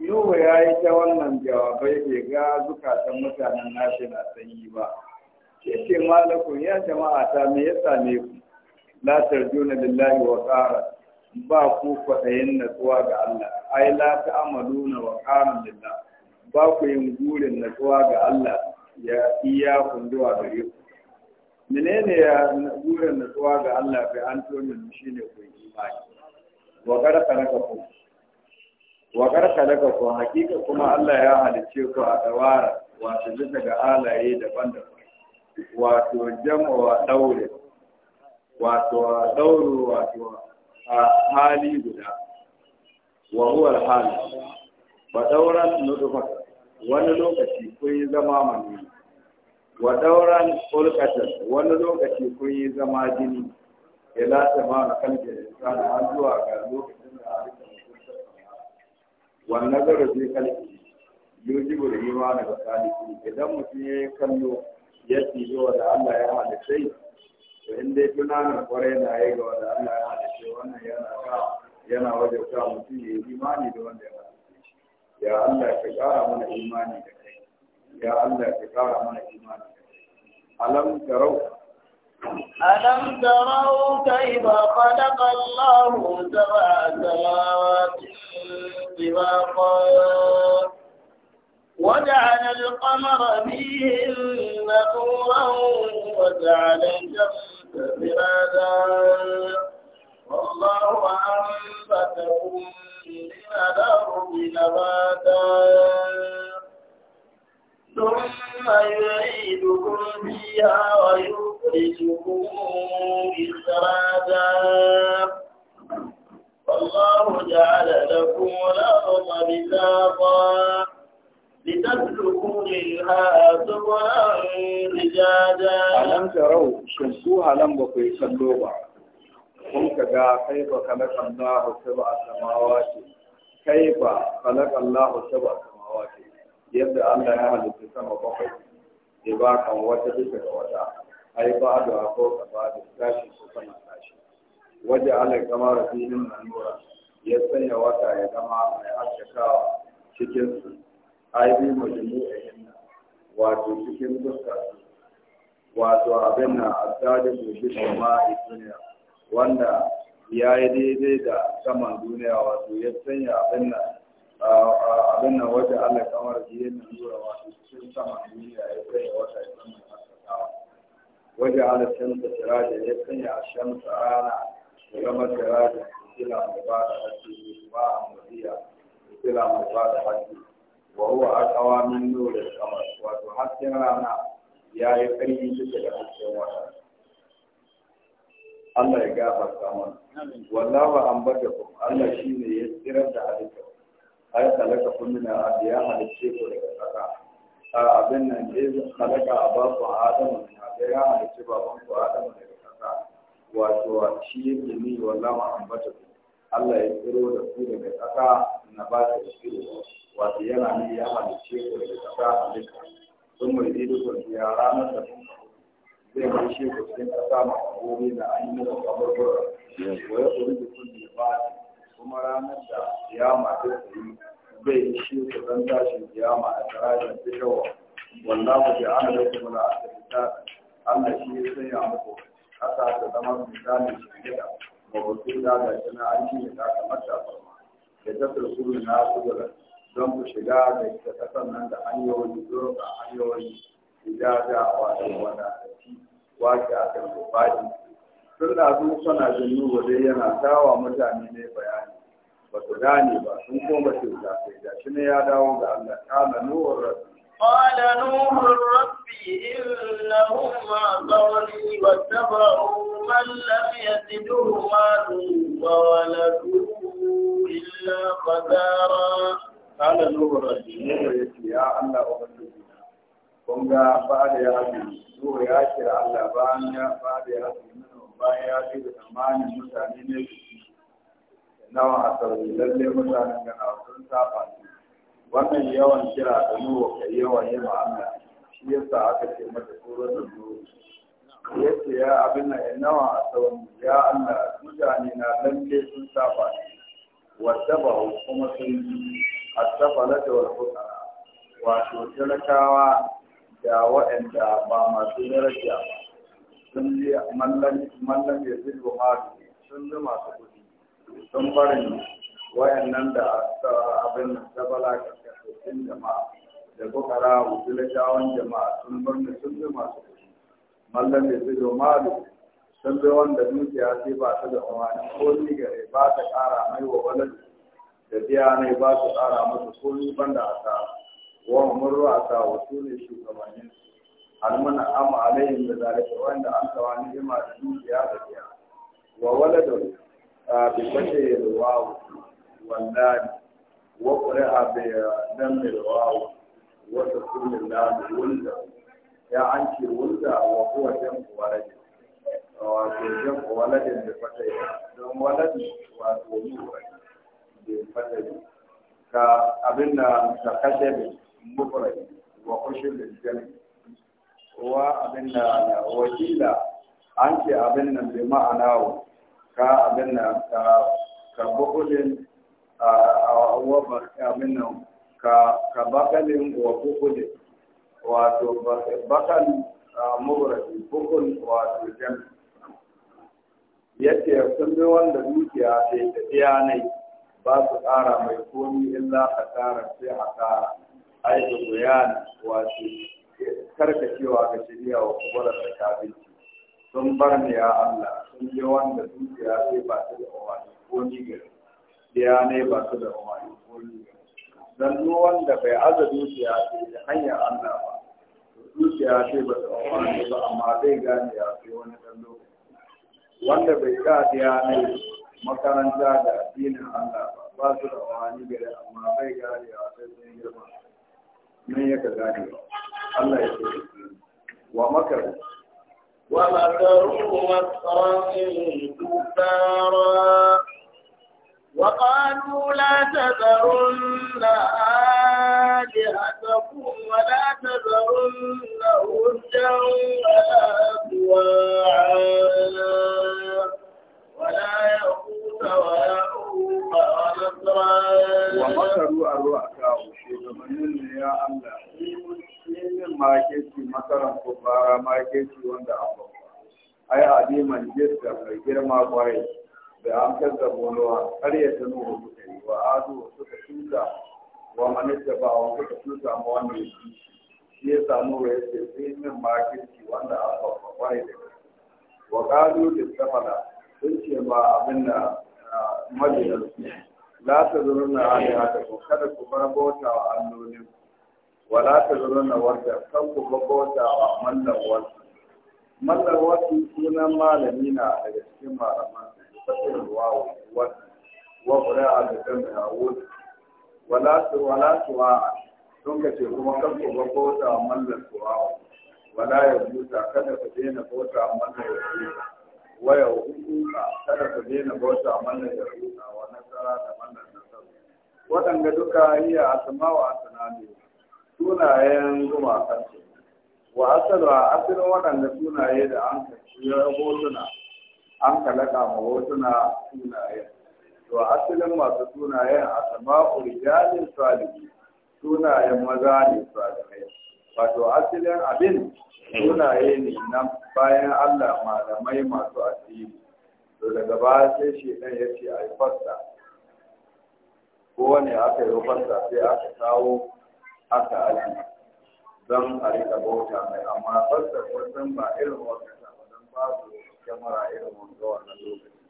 Nuhu ya yi ta wannan jawabai bai ga zukatan mutanen nashi na sanyi ba. Ya ce malakun ya jama'a ta me ya same ku, latar juna lillahi wa ƙara ba ku kwaɗayin natsuwa ga Allah, ai la ta na wa ƙarin lillah ba ku yin gurin natsuwa ga Allah ya iya kunduwa gare ku. menene ya burin nutsuwa ga Allah bai an tonin shi ne ku imani wa kar kalaka ku wa kar kalaka ku hakika kuma Allah ya halice ku a dawara wato bisa ga alaye daban-daban wato wa daure wato dauro wato hali guda wa huwa al-hal ba dauran nudufa wani lokaci kun zama manuni wa dauran ulqatan wani lokaci kun yi zama jini ya ila sama kalbi insani har zuwa ga lokacin da a aka mutunta wa nazaru fi kalbi yujibu yi ma daga kaliki idan mutum ya yi kallo ya wa da Allah ya halittai? to in dai tunanin kwarai na yi ga wanda Allah ya halittai, wannan yana ka yana wajen ka mutum ya yi imani da wanda ya halittai ya Allah ka kara mana imani da kai ya Allah ya ƙara mana imani. Alam tarau. Alam tarau kai ba faɗa ƙallahu zama a zama وجعل القمر فيهن نورا وجعل الشمس سرادا والله أنبتكم من الأرض نباتا ثم يعيدكم فيها ويخرجكم إخراجا والله جعل لكم الأرض بساطا لتسلكوا منها سبلا رجاجا ألم تروا شمسوها لم بقي سلوبا kun ka ga kaifa khalaqa Allahu sab'a samawati kaifa khalaqa Allahu sab'a samawati yadda Allah ya halitta sama bakwai da ba kan wata duka da wata ai ba da ko ba da tashi su kan tashi waje Allah kama rafinin manura ya sanya wata ya zama mai haskakawa cikin su ai bi a majmu'in wato cikin duka wato abin na asali gobe a duniya wanda ya yi daidai da saman duniya wato ya sanya abin nan abin nan waje Allah kamar biye na nura wato cikin sama duniya ya sanya wata ya zama haskakawa waje Allah shamsa siraja ya sanya a shamsa rana ya zama siraja sila mai ba da haske ba a muriya sila mai ba da haske wa huwa aqwa min nuri kamar wato hasken rana ya yi ƙarfi duka da hasken wata Allah ya gafarta mana wallahu an bada ku Allah shine ya tsirar da halitta ai halaka kulluna abdi ya halicce ku daga kasa a abin nan ne halaka a babu adamu na da ya halicce baban ku adamu daga kasa wato shi yake ni wallahi ambata ku Allah ya tsiro da ku daga kasa na ba ta tsiro wato yana ni ya halicce ku daga kasa halitta sun mai ido ku ya ranar da kun zai mai shi ko cikin kasa ma komai da an yi muku kaburbura wa ya kuri da kun yi ba kuma ranar da kiyama ta tsayi zai ishe ku don tashin kiyama a tarajin fitowa da bi amalikum la asrita Allah shi ya sanya muku kasa ta zama misali shi ne da sai da da tana an ci da kamar ta farma da ta tsuru na tsubura don ku shiga da ita kasan nan da hanyoyi zurfa hanyoyi ijaja wato wadatacci wake a kan rufadi sun da suna jin nuwa dai yana tawa mutane ne bayani فتغاني فنقوم بشيء عشان يا داود أن كان نور قال نوح ربي إنهم أعطوني واتبعوا من لم يزده ماله وولده إلا خسارا قال نوح ربي نوح يا الله أبدينا قم يا بعد يا ربي نوح يا شر الله بانيا بعد يا ربي منه بعد يا ربي بسمان المسلمين nawa a sarari lalle mutanen gana sun saba wannan yawan kira da nuwa kai yawan yi ma'amala shi yasa aka ce mata tsoron da nuwa yace ya abin nan eh, nawa a sarari ya Allah mutane na lalle sun saba wadda wattaba kuma sun yi A asafala da walfukara wato talakawa da waɗanda ba masu daraja sun yi mallan ya zirgo maru sun zama su sun barin wayannan da abin da bala kasashen jama'a da bukara jawon jama'a sun bar da sun bi masu kuɗi mallan da su domalu sun bi wanda dukiya sai ba ta da umarni ko ni gare ba ta kara mai wa walad da biya ne ba ta kara masa ko ni banda a ta wa umaru a ta wasu ne shugabannin almana amma alayhim da zalika wanda an tawani ima da dukiya da biya wa waladun بفتح الواو واللام وقرأ بدم الواو وسكون اللام ولد يا عنك ولد وهو جمع ولد wato jam waladin da fata don waladin wato nura da fata ka abin da ka kashe ne wa wa abin da an abin ma'ana ka abin nan ka ka bukulin a wabar abin nan ka ka bakalin wa bukulin wato bakal mubarafi bukul wato jami'a yadda sun bi wanda dukiya sai da nai, ba su ƙara mai komi illa tsara sai hasara ai da goyan wato karkacewa ga shirya wa kubara da kabinci sun bar ni ya Allah sun je wanda dukiya sai ba su da umarni ko nigiri ya ne ba su da umarni ko nigiri dan duk wanda bai aza dukiya sai da hanyar Allah ba dukiya sai ba su umarni ba amma zai gane ya sai wani dan lokaci wanda bai sa ya ne makaranta da addinin Allah ba ba su da umarni da amma bai gane ya sai sun girma nan ya ka gane ba Allah ya ce wa makaranta ومكروا مكرا كبارا وقالوا لا تذرن آلهتكم ولا تذرن ودا ولا سواعا ولا يغوث ويعوق ونسرا ومكروا الرؤساء شيخ من يا الله yin makeci masaran kubara makeci wanda an babba ai adiman manjista mai girma kwarai da an da bolowa karya ta da suka yi wa ado suka tuta wa manista ba wa suka tuta ma wanda ya ci shi ya samu ya ce sai min makeci wanda an babba kwarai da wa kalu da safala sun ce ba abin da majiyarsu la ta zurna a da haka kada ku fara bauta wa wala ta zuru na wadda kan ku bauta a mallan wasu mallan wasu sunan malami na daga cikin malaman da ya fata ruwa wasu wa ƙura a da kan da wasu wala ta wala su wa sun ka ce kuma kan ku bauta wa mallan suwa wala ya buta kada ku daina bauta a mallan ya buta waya hukuka kada ku daina bauta a mallan ya buta wa nasara da mallan nasara waɗanda duka iya asma wa sunayen gumakan su wa asalu a asalin waɗanda sunaye da an kaci ya hotuna an kalaka ma hotuna sunaye wa asalin masu sunayen asma'u rijalin salihin sunayen maza ne salihai wato asalin abin sunaye ne na bayan Allah malamai masu asiri to daga baya sai shi ɗan ya ce yi fasta ko wani aka yi fasta sai aka kawo aka aji don a rika bauta mai amma fasta wasan ba irin wakata ba don babu kyamara irin wanga wannan lokaci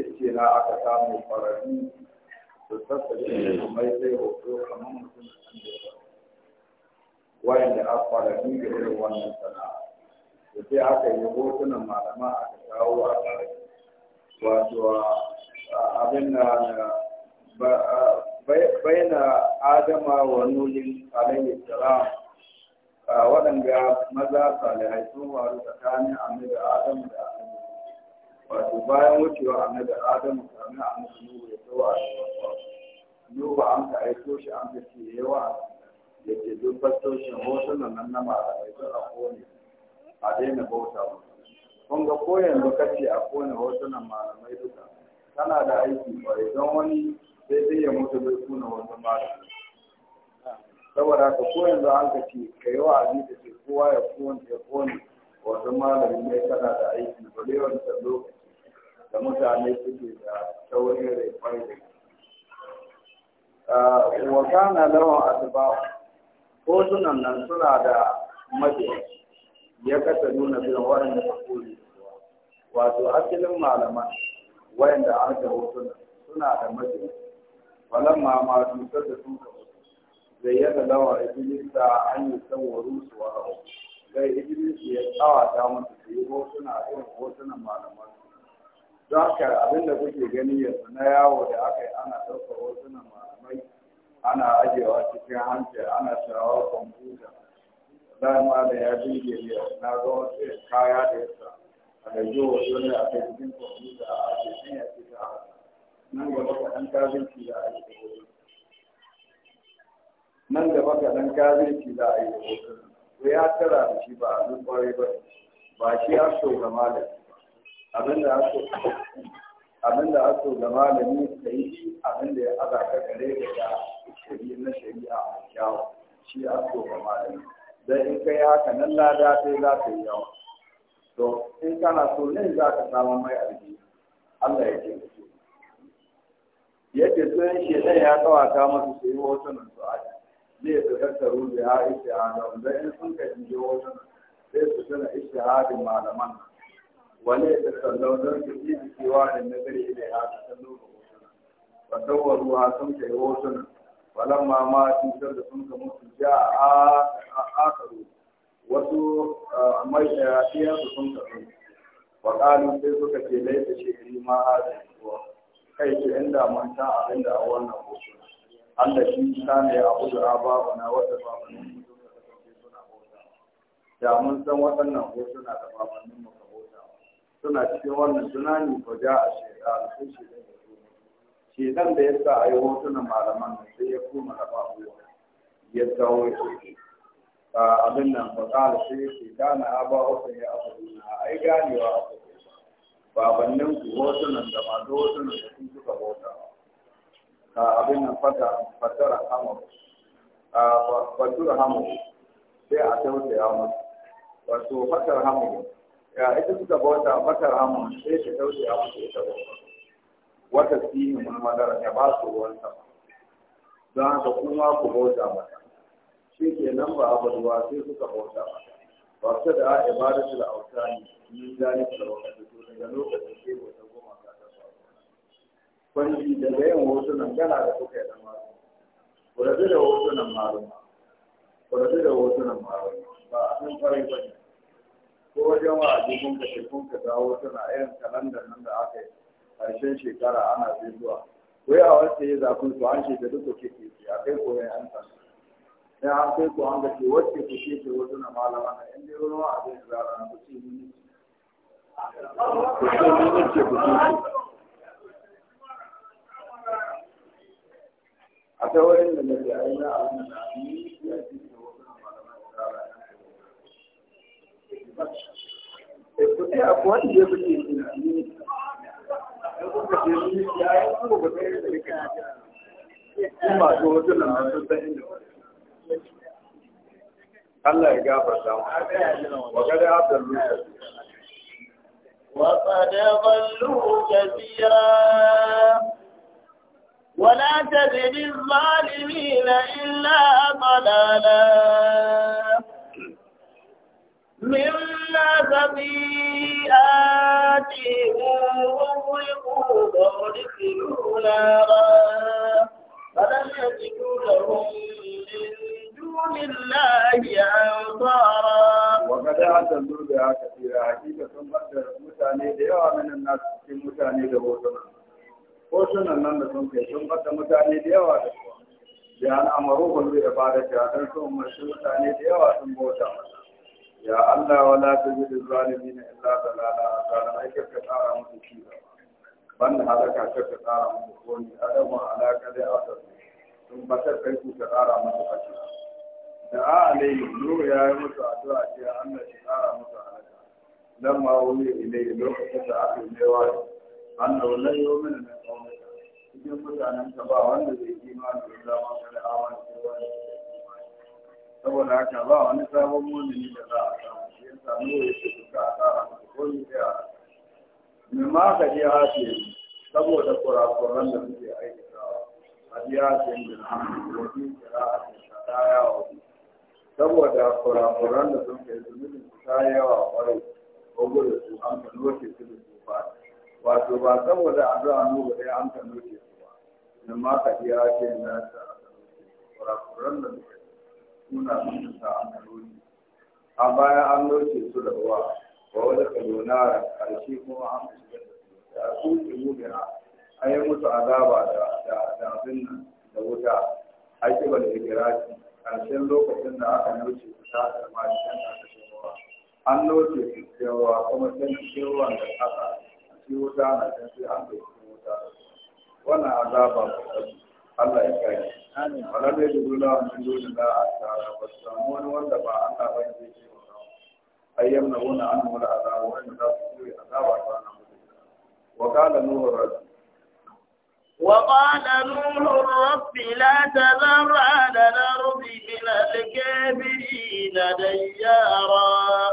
ice na aka samu farari su sassa da mai sai hoto kamar mutum da an da yawa da a farari da irin wannan sana'a da sai aka yi hotunan malama aka kawo a wato abin da bayan adama wa nunin alayhi salam waɗanda maza salihai sun waru tsakanin annabi adamu da annabi wato bayan wucewa annabi adamu kamin annabi nuhu ya zo a cikin nuhu an ka aiko shi an ka ce yawa da ke dubbar toshin hotunan nan na malamai sun a kone a daina bauta kun ga ko yanzu kace a kone hotunan malamai duka tana da aiki kwarai idan wani sai dai ya mutu bai kuna wasu mara saboda ka ko yanzu an ka ce ka yi wa'azi da ke kowa ya kowane ya kowane wasu malami mai kana da aiki bare ta lokaci da mutane suke da saurin rai kwarai da ah, wa kana lawan asba hotunan nan suna da mabiya ya kasa nuna bin waɗanda ka koli wato asalin malaman wayanda an ga hotunan suna da mabiya falamma ma dusar da sun ka zayyana lawa ibilisa an yi sauwaru su wa hau sai ibilisa ya tsawata musu su yi hotuna irin hotunan malaman don haka abinda kuke gani yanzu na yawo da aka yi ana ɗaukar hotunan malamai ana ajewa cikin hanci ana shawa kwamfuta dama da ya birge ne na ga kaya da yasa a da jiwo dole a cikin kwamfuta a cikin ya nan gaba kaɗan kafirci za a yi nan gaba za a yi da wasu ya tara da shi ba abin kwarai ba ba shi ya so ga malami abinda ya so da ya so ga malami ka yi da ya aza ka gare da ya shari'a na shari'a a kyawu shi ya so ga malami dan in kai haka nan lada sai za ka yi yawa to in kana so ne za ka samu mai aljihu Allah ya ce yadda sun zai ya kawata masu su yi hotunan su aji ne su tattaru da ya ishe a da in sun ka ji hotunan sai su tuna ishe hadin malaman wani da sallau don su ji cewa da gari ne ya ta sallu da ba fasawar ruwa sun ka yi hotunan falamma ma cutar da sun ka mutu ja a akaru wasu mai su sun ka ba ƙalin sai suka ce laifin shekaru ma da ruwa kai ce da mun ta abin da a wannan hoto Allah shi ta ne a hudu a babu na wata babanin mutum da kasance suna bauta da mun san waɗannan na da babanin mu ka bauta suna cikin wannan tunani ko da a shekara sai shi ne dan da ya sa a yi hotunan malaman sai ya koma da babu ya dawo ya abin nan fa kala sai ya da na aba uku ya abu ai ganewa abu babannin ku hotunan da masu hotunan da sun suka bauta A abin nan fata fatar hamar a fatar hamar sai a tausaya musu wato fatar hamar ya ita suka bauta fatar hamar sai ta tausaya musu ita bauta wata sinin mun madara ya ba su ruwan sama don haka kuma ku bauta mata shi ke nan ba abu ruwa sai suka bauta mata ba su da ibadatul autani min zalika lokacin to daga lokacin sai wata goma ka ta faru kwanci daga yin wasu nan gana da kuka yi da malama ku rabu da wasu nan malama ku rabu da wasu nan malama ba a san kwarai ba ne ko wajen wa'azi kun ka ce kun ka dawo suna irin kalandar nan da aka yi ƙarshen shekara ana sai zuwa ko yi a wasu yi zafin su an shekaru ko kekeke a kai koyon an sanu sai an kai ku an gace wacce ku ce ce wasu na malama na yan jero ruwa a zai zara na kuce ni ku ce ni ce ku ce a ta wurin da nake a yi na a wani na ni ya ce ce wasu na malama na zara na eh, ku ce a kuwa ne ku ce ni na ni ku ce ni ya yi ku ba ta yi da rika ba to wasu na masu san inda wani Allah ya gafarta mu wa kada abdul وقد ضلوا كثيرا ولا تزد الظالمين إلا ضلالا مما خطيئاتهم أغرقوا وأدخلوا نارا فلم يجدوا لهم لله أنصارا وقد أعتذروا بها كثيرا حقيقة بدر متاني ديوا من الناس في متاني دهوتنا hotunan nan da sun kai sun bada mutane da yawa da su da an amaro bada ta sun umarci mutane da yawa sun bauta ya Allah wala tuzil zalimin illa dalala ka tsara ci gaba halaka ka ka tsara musu ko adamu alaka da asar sun batar kai ku ka tsara musu fashi da a alayhi nuhu ya yi musu addu'a ce Allah shi kara musu halaka dan ma wuri ilayhi lokacin da aka yi wa annahu la yu'minu min qawmika cikin mutanen ka ba wanda zai imani da zama kada awan sai wanda saboda haka ba wani sabon mumini da za a samu shi yasa nuhu ya ce duka a tsara musu ko ni sai mai ma ka je hafi saboda kurakuran da suke aikatawa a biya sai da hamdu kira a cikin sadaya wa bi saboda kurakuran da sun kai zunubin ta yawa kwarai ko gudu su an ka noce su da su ba wato ba saboda a addu'a nuna ɗaya an ka noce su ba na ma ka iya ce na ta kurakuran da suka suna sun ta an ka noce a baya an noce su da ruwa ba wani kalonara ƙarshe kuma an ka shiga da su da su ke mugina an yi musu azaba da abin nan da wuta a kibar hijirati Karshen lokacin da aka noce ku ta karma da can aka an noce su cewa kuma can cewa da kasa a ci wuta na can sai an bai ci wuta wannan azaba ba ta Allah ya kai wala ne da dole wani dole da za a tara ba su samu wani wanda ba an ta ba ce ce ba ayyam na wani an mura azaba wanda za su yi azaba ta na mutu wa kala nuhu rasu. وقال نوح رب لا تذر على الأرض من الكافرين ديارا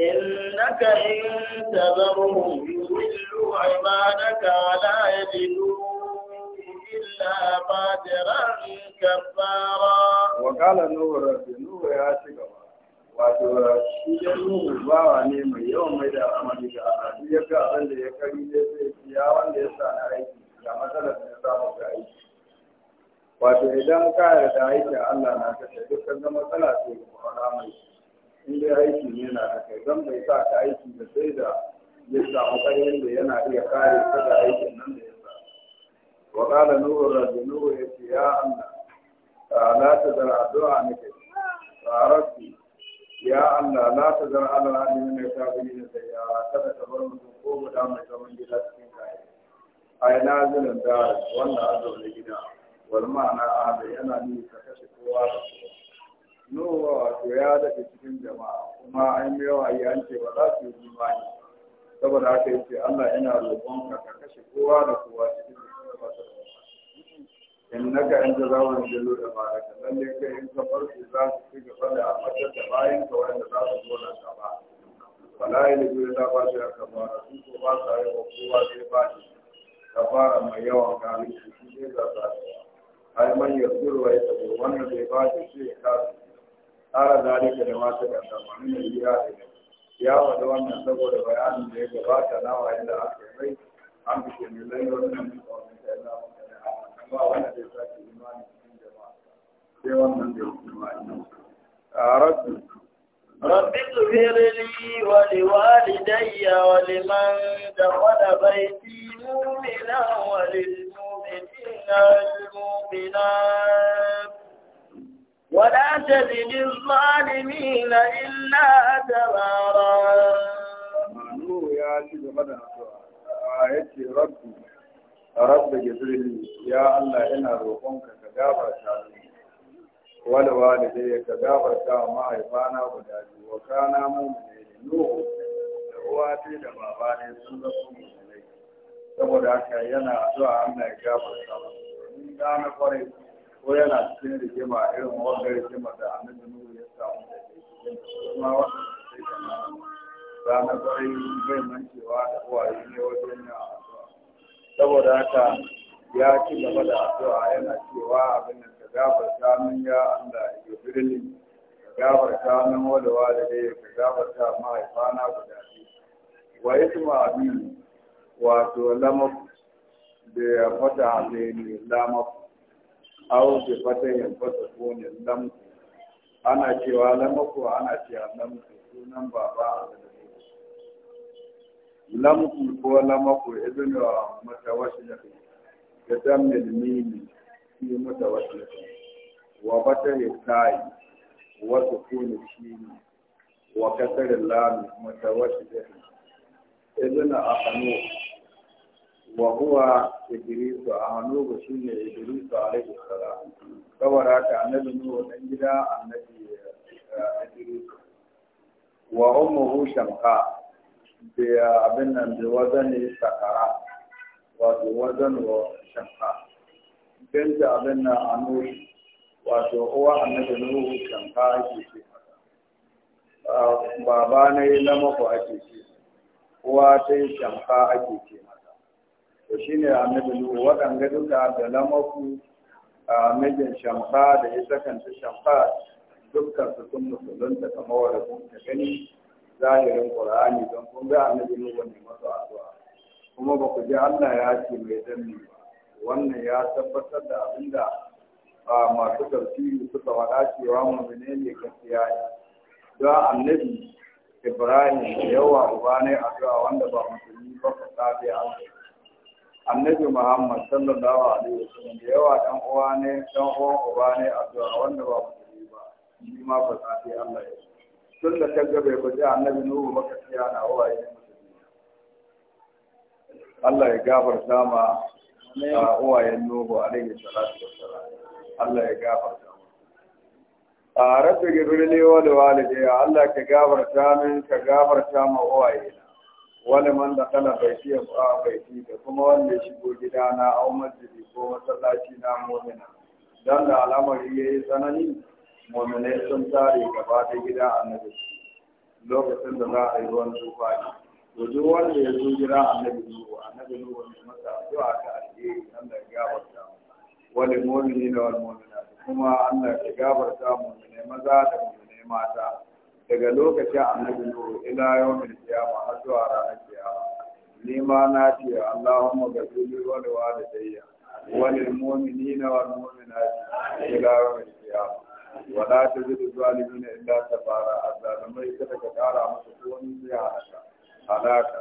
إنك إن تذرهم يضلوا عبادك ولا يجدوا إلا فاجرا كفارا وقال نوح رب نوح يا شكرا wato shi da nuhu bawa ne mai yawan mai da amali ga al'adu ya ga abin da ya kari zai sai ya wanda ya sa na aiki Da matsalar da samu ga aiki wato idan ka yarda aikin Allah na kashe dukkan zama tsala ce ga kwana mai in dai aiki ne na kai don bai sa ka aiki da sai da ya samu ƙarfin da yana iya kare ka da aikin nan da ya sa wa qala nuhu rajulu yace ya Allah la tazar addu'a nake ta rabbi ya Allah la tazar ala alimin ya ne da ya kada ka bar mutum ko guda mai zaman gida cikin kayan ai nazilin da wanda a zaune gida wal ma'ana da yana nuni ka kashe kowa da kowa nowa wato ya daga cikin jama'a kuma an yi yawa an ce ba za su yi ne. saboda haka yace Allah yana roƙon ka ka kashe kowa da kowa cikin jama'a za mu yi jallu da baraka lalle kai in ka farko za su ci gaba da matar da bayan ka wanda za su zo nan gaba wala ilaha illa Allah ba shi aka ba su ko ba sa yi kowa sai ba shi kafara mai yawan kari shi ne da zafi ai man ya tsirwa ya tabo wannan bai ba shi ce ya kasu tsara zalika da mata da tsammanin da iya da ya wada wannan saboda bayanin da ya gabata na wayan da aka mai an fi ke milai wannan mutane da ya zama da ya ba wanda zai sake imani cikin jama'a sai wannan da ya kuma imani a rabbi wani اغفر لي ولوالدي ولمن دخل بيتي مؤمنا وللمؤمنين ولا تزد الظالمين إلا تبارا rabbi rabbi ya Allah ina roƙonka ka gafarta mini ka wa mahaifana guda biyu wa kana mu'mini nuhu da uwa ce da baba ne sun zasu mu'minai saboda haka yana addu'a Allah ya gafarta masa domin da na kware ko yana cikin rigima irin wanda rigima da annabi nuhu ya samu da cikin kuma wanda sai kana rana kwarai bai mancewa da uwaye ne wajen yin addu'a saboda haka ya ci gaba da addu'a yana cewa abin da ka gafarta min ya Allah ya birni gafarta min wada wada da dai ka gafarta mahaifana guda biyu wa isma abin wato lamaku da ya fata ne lamaku au da fata ya fata ne lamku ana cewa lamaku ana cewa Lamaku sunan baba a ne lamku ko lamaku ibn mutawassil da dammil mimi fi mutawassil wa fata ya kai وسكون الشين وكسر اللام متوسطة إذن أخنوه وهو إدريس أهنوه شين إدريس عليه السلام فوراك النبي نوح نجدا النبي إدريس وأمه شمقاء بأبنا بوزن سكرات وزن wajen بنت shanka. أنوش wato uwa annabi nuhu ka ake ce baba na yi lamako ake ce uwa ta yi ka ake ce mata to shine annabi nuhu waɗanda duka da lamaku a mijin shamfa da ya sakanta shamfa dukkan su sun da kamar wadda kun ta gani zahirin qur'ani don kun ga annabi nuhu ne masu addu'a kuma ba ku ji Allah ya ce mai danni ba wannan ya tabbatar da abinda masu tafsiri suka faɗa cewa mummune ne gaskiya ne da annabi ibrahim da yawa uba ne addu'a wanda ba musulmi ba ka sabe an annabi muhammad sallallahu alaihi wasallam da yawa dan uwa ne dan uwan uba ne addu'a wanda ba musulmi ba ni ma ba sabe Allah ya tun da ta gabe ba ji annabi nuhu ba gaskiya na uwaye musulmi Allah ya gafarta ma uwayen nuhu alaihi salatu wassalam Allah ya gafarta a rabbi gibirli wal walidayya Allah ka gafarta min ka gafarta ma uwaye wani man da kana bai fi ba bai fi da kuma wanda ya shigo gida na masjidi ko masallaci na mu'mina dan da al'amari yayi tsanani mu'minai sun tare gaba da gida annabi lokacin da za a yi ruwan tufani to duk wanda ya zo gida annabi nuhu annabi nuhu ne masa addu'a ta alheri Allah ya gafarta wani momini da wani momina kuma Allah ya gabarta momine maza da momine mata daga lokacin annabi nuhu ila yawmin kiyama har zuwa ranar kiyama ni ma na ce Allahumma gafirli wa li walidayya wa lil mu'minina wal mu'minati ila yawmin kiyama wa ta tazid zalimina illa tabara azalimai kada ka kara musu komai sai halaka halaka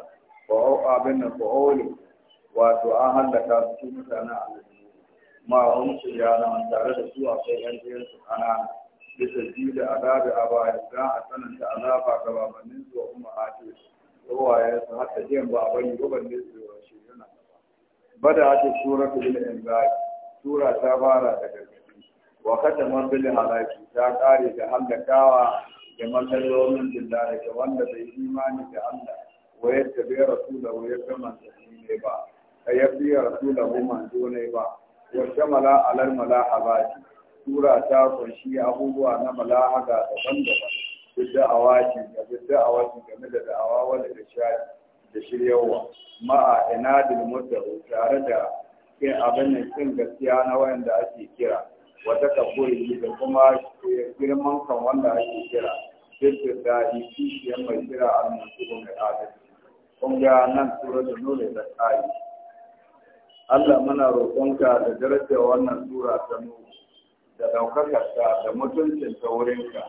ko abin nan ko wato an halaka su mutanen annabi ma wani tare da su a yan jiyar su kanana bisa ji da azabi a baya don a tsananta azaba ga babannin su wa kuma hati ruwaye su da jiyan ba a bari, ruban ne su yawan shi yana gaba bada hake sura ta bil inzai sura ta fara da gargaɗi wa man bil halaki ta kare da hallakawa da matsalolin dillare da wanda bai imani da Allah wa yadda bai rasula ne ba ka yadda rasula ne ba washtamala alal malahabati sura ta kunshi abubuwa na malahaga daban-daban duk da'awaci da duk da'awaci game da da'awa wanda da shari da shiryawa ma'a inadil muddaru tare da kin abin nan kin gaskiya na wanda ake kira wata kafuri da kuma girman kan wanda ake kira duk da da'i kishiyar mai kira a al-musulmi adalci kun ga nan suratul nuna da tsari Allah muna roƙonka da darajar wannan sura ta mu da ɗaukakarta da mutuncin ta wurinka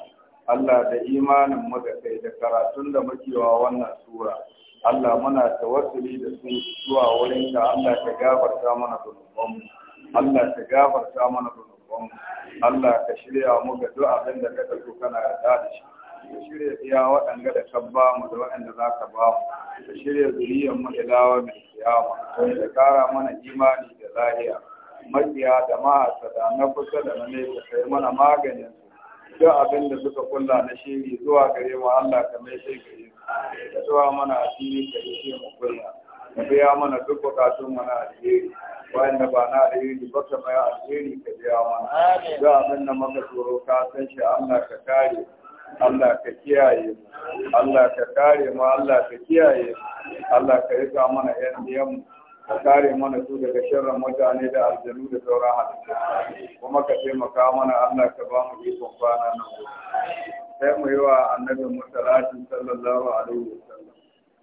Allah da imanin mu da kai da karatun da mukewa wannan sura Allah muna tawassuli da su zuwa wurinka Allah ka gafarta mana zunubanmu Allah ka gafarta mana zunubanmu Allah ka shirya mu ga duk abin da ka tafi kana yarda da shi ka shirya iya waɗanda da ka ba mu da waɗanda za ka ba mu ka shirya zuriyar mu ilawa mai kiyama da kara mana imani da lahiya makiya da ma'asada na kusa da na nesa kai mana maganin su duk abin da suka kulla na shiri zuwa gare mu Allah ka mai sai gare su da zuwa mana asiri ka yi mu kulla ka biya mana duk bukatun mu na alheri wanda ba na alheri ba ka mai alheri ka biya mana duk abin da muka tsoro ka san shi Allah ka kare Allah ka kiyaye mu Allah ka kare mu Allah ka kiyaye mu Allah ka rika mana yan diyan mu ka kare mana su daga sharrin mutane da aljanu da sauran halittu kuma ka taimaka mana Allah ka ba mu ikon kwana nan sai mu yi wa annabi musallatu sallallahu alaihi wasallam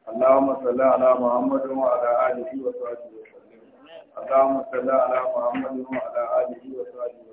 اللهم صل على محمد وعلى اله وصحبه وسلم اللهم صل على محمد وعلى اله وصحبه